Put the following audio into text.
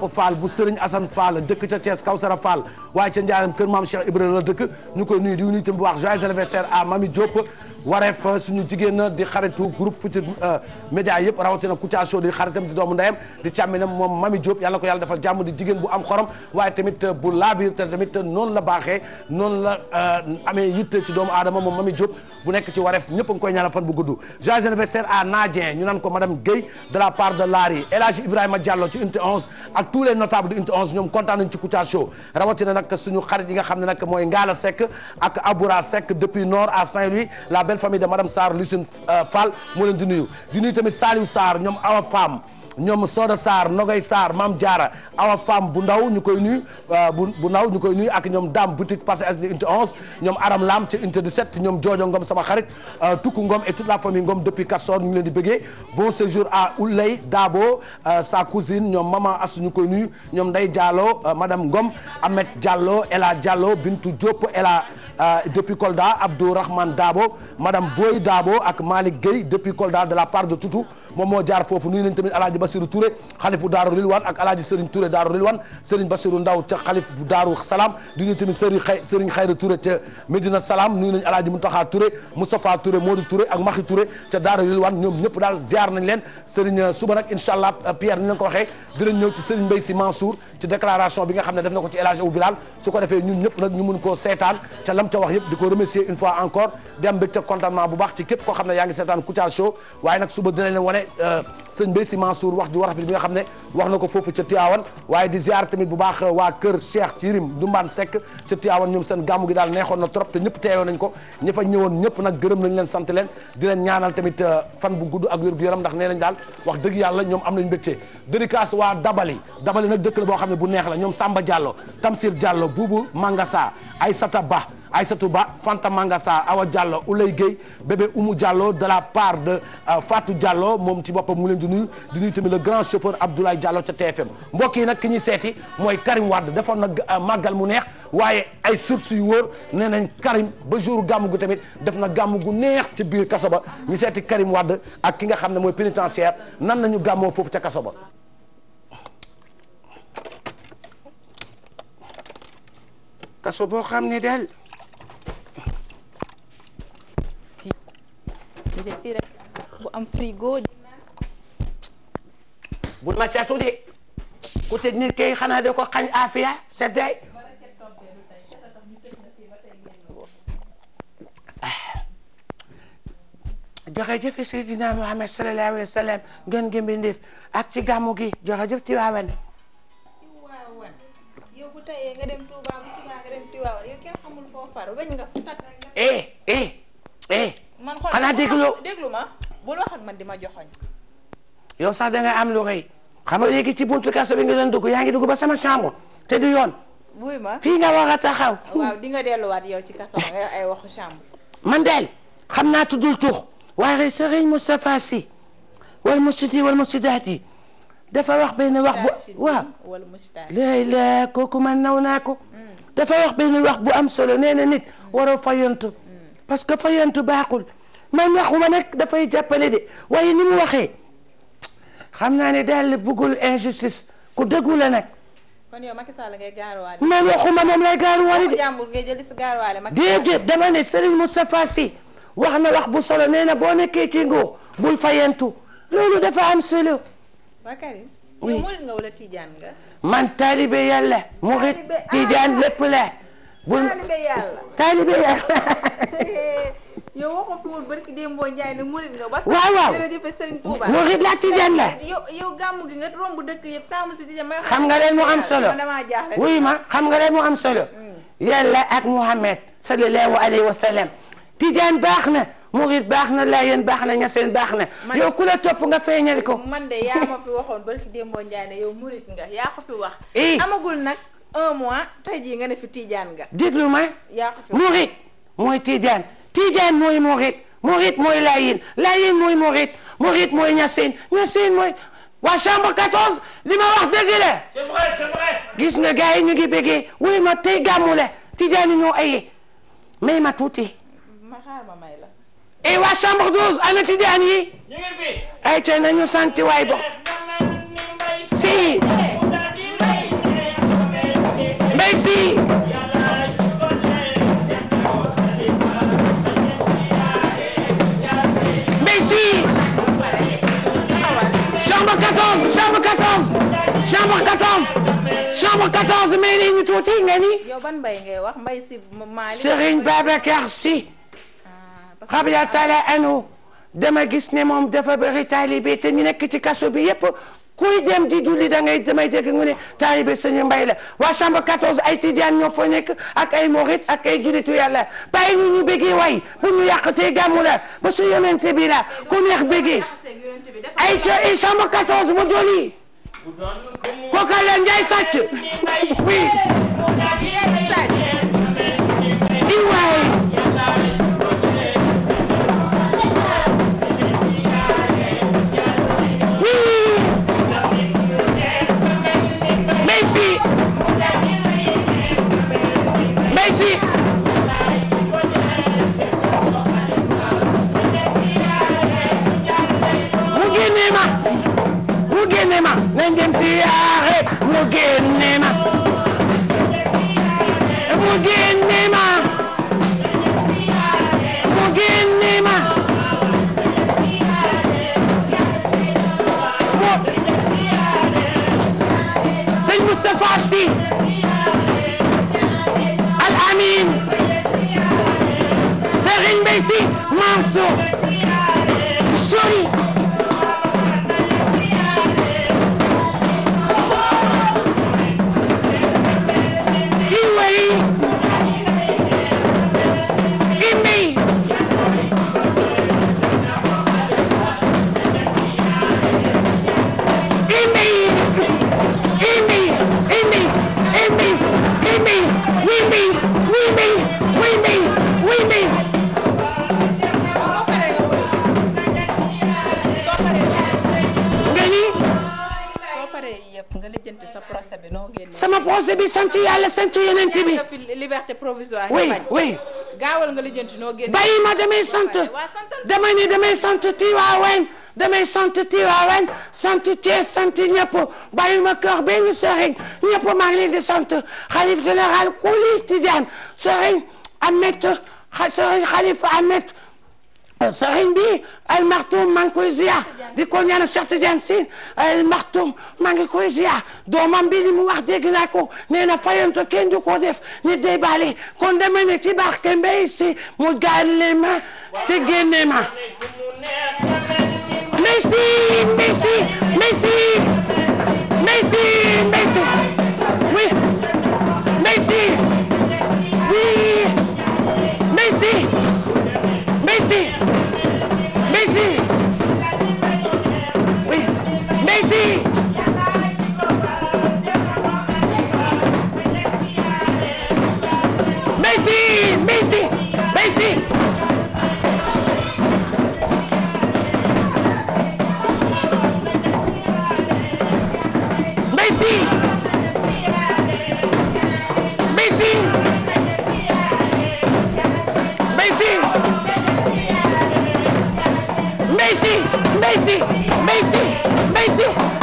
Lamp Fall bu Serigne Assane Fall dëkk ca Thiès Kawsara Fall waaye ca Ndiarème kër maam Cheikh Ibrahima la dëkk ñu koy bu wax joyeux anniversaire à Mami Diop wareef suñu jigéen di xaritu groupe Futurs euh, Médias yëpp rawatina Kouthia Show di xaritam di doomu ndeyam di càmminam moom Mami Diop yàlla ko yàlla defal jàmm di jigéen bu am xorom waaye tamit euh, bu laabiir te tamit noonu la baaxee noonu la euh, amee yitte ci doomu aadama moom Mami Diop bu nekk ci wareef ñëpp a ngi koy ñaanal fan bu gudd joyeux anniversaire à Nadien ñu naan ko madame Guèye de la part de Lari El Hadj Ibrahima Diallo ci unité 11 ak tous les notables de unité 11 ñoom nañ ci Kouthia Show rawatina nag suñu xarit yi nga xam ne nag mooy Ngala Seck ak Aboura Seck depuis nord à belle famille de madame Sarr Lucine euh, Fall moo leen di nuyu di nuyu tamit Saliou Sarr ñoom Awa Fam ñoom Soda Sarr Nogay Sarr Mam Diarra Awa Fam bu ndaw ñu koy nuyu euh, bu bu ndaw ñu koy nuyu ak ñoom Dame boutique Parcelles Assainies unité 11 ñoom Aram Lam ca unité 17 ñoom Jojo Ngom sama xarit euh, Tukku Ngom et toute la famille Ngom depuis Castor ñu leen di bëggee bon séjour à Oulay Dabo sa cousine ñoom maman Assu ñu koy nuyu ñoom Ndeye Diallo madame Ngom Ahmed Diallo Ela Euh, depuis Kolda Abdou Rahman Dabo madame Boy Dabo ak Malick Gueye depuis Kolda de la part de Toutou moom moo jaar foofu nuyu nañ tamit alaaji Bassirou Touré xalifu Daaru Rilwan ak alaaji Serigne Touré Daaru Rilwan Serigne Bassirou Ndaw ca xalif bu Daaru Salaam di nuyu tamit Serigne Xay Serigne Xayra Touré ca Medina Salaam nuyu nañ alaaji Mountakha Touré Moustapha Touré Modou Touré ak Maxi Touré ca Daaru Rilwan ñoom ñëpp daal ziar nañ leen Serigne euh, suba nag incha allah euh, Pierre ni ko waxee dinañ ñëw ci Serigne Mbaye Sy Mansour ci déclaration bi nga xam ne def na ko ci El Hadji Abou ko defee ñun ñëpp nag ñu mun koo seetaan lam ca wax yëpp di ko remercier une fois encore di am mbégte contentement bu baax ci képp koo xam ne yaa ngi seetaan Kouthia Show waaye nag suba dinañ leen wane euh, sëñ Mbaye Sy Mansour wax ju war a rafet bi nga xam ne wax na ko foofu ca Tivaouane waaye di ziar tamit bu baax euh, waa kër Cheikh Thirim mbaan sekk ca Tivaouane ñoom seen gàmmu gi daal neexoon na trop te ñëpp teewoon nañ ko ñi fa ñëwoon ñëpp nag gërëm nañ leen sant leen di leen ñaanal tamit euh, fan bu gudd ak wér gu nee nañ daal wax dëgg yàlla ñoom am nañ mbégte dédicace waa Dabali Dabali nag dëkk la boo xam ne bu neex la ñoom Samba Diallo Tamsir Diallo Boubou Mangasa Aïssata Ba Aïssatou Ba Fanta Mangasa a Diallo Oulay Gueye bébé Oumou Diallo de la part de euh, Fatou Diallo moom ci boppam mu leen di nuyu di nuyu tamit le grand chauffeur Abdoulaye Diallo ca TFM mbokk yi nag ki ñuy seeti mooy Karim wàdd defoon na euh, màggal mu neex waaye ay sources yu wóor nee nañ Karim ba jour gàmm gu tamit def na gàmm gu neex ci biir kaso ba ñu seeti Karim wàdd ak ki nga xam ne mooy pénitentiaire nan nañu gàmmoo foofu ca kaso ba kaso boo xam ne del am frigo. de ku tëj nit kay xanaa de ko xañ aafiya sedday jërëjëf Seydina Muhammad sallallahu alayhi wa ngeen gëm ndéef ak ci gàmmu gi jërëjëf Tiwaawan eh eh eh xanaa déglu bul wax ak man di ma joxoñ yow sax da ngay am lu rëy xam nga léegi ci buntu kaso bi nga doon dugg yaa ngi dugg ba sama chambre te du yoon. buy fii nga wax a taxaw. di nga delluwaat yow ci kaso ba ay waxu chambre. man del xam naa tuddul tuux waaye Serigne Moustapha Sy wal murshidi wal murshidaat yi dafa wax benn wax bu waaw léegi la kooku man naw naa ko mm. dafa wax benn wax bu am solo nee na nit mm. waroo fayantu mm. parce que fayantu baaxul man waxuma nag dafay jàppale de waaye ni mu waxee xam naa ne daal bëggul injustice ku dëggu la nag. kon yow Macky Sall ngay gaaruwaale. man waxuma moom lay gaaruwaale de. jàmbur ngay jël dama ne Serigne Moustapha wax na wax bu solo nee na boo nekkee ci nguur bul fayantu loolu dafa am solo. Bakary. oui murit nga wala tijaan nga. bul taalibe yàlla yow waxoo fi woon barki Demba Ndiaye ne murid nga. waaw waaw jërëjëf Serigne Touba. la tijaan gàmm gi nga romb dëkk yëpp taamu si tijaan may. xam nga leen mu am solo wuy ma xam nga leen mu am solo. Hmm. yàlla ak Muhammad sallallahu alayhi wa sallam. tijaan baax na. murid baax na laa laayeen baax na seen baax na. yow ku la topp nga feeñal ko. man de yaa ma fi waxoon barki démboo Ndiaye ne yow murid nga yaa ko fi wax. amagul nag un mois tey jii nga ne fi tiijaan nga. déglu ma. yaa ko fi mooy tijaan. Tijaan mooy Murit Murit mooy Laayeen Laayeen mooy Murit Murit mooy Ñaseen Ñaseen mooy waa chambre 14 li ma wax dëgg la. gis nga gars yi ñu ngi bëggee wuy ma tey gàmmu la Tijaan yi ñoo aye may ma tuuti. ma xaar eh, waa chambre 12 ana Tijaan yi. ñu ngi fi. ay tey nañu bo si. mbay si. chambre 14 chambre 14 mais nii tuuti nga ni. yow ban mbay ngay wax mbay si Mali. Serigne Babacar Sy. xam nga anu dama gis ne moom dafa bëri taalibe te ñu nekk ci kaso bi yëpp kuy dem di julli da ngay damay dégg mu ne taalibe sëñ Mbay la wa chambre 14 ay tijaan ñoo fa nekk ak ay morit ak ay jullitu yàlla bàyyi ñu ñu bëggee way bu ñu yàq tey gàmmu la ba su yonente bi la ku neex bëggee ay chambre 14 mu joli. kooka leen ngay sàcc oui Give me my génne ma nañ dem siyaare mu génne ma mu génne ma mu génne ma sëñ Moustapha Sy Al Amin Serigne Mbaye Sy Mansour Jory projet bi sant yàlla sant yonent bi. liberté provisoire. oui oui. gaawal nga lijjanti noo génn. bàyyi ma damay sant damay ni damay sant Tiwaawen damay sant Tiwaawen sant Thiès sant ñëpp bàyyi ma kër benn sëriñ ñëpp maa ngi leen di Euh, sëriñ bi al maxtum maa ngi koy di ko ñaanal Cheikh Tidiane Sy al maxtum maa ngi bi li mu wax dégg naa ko na fayanto kenn du ko def nit day baale kon demee ci baax kenn mbay si mu gaale ma te génne ma merci merci oui Mbay Si Mbay Si Mbay Si Mbay Si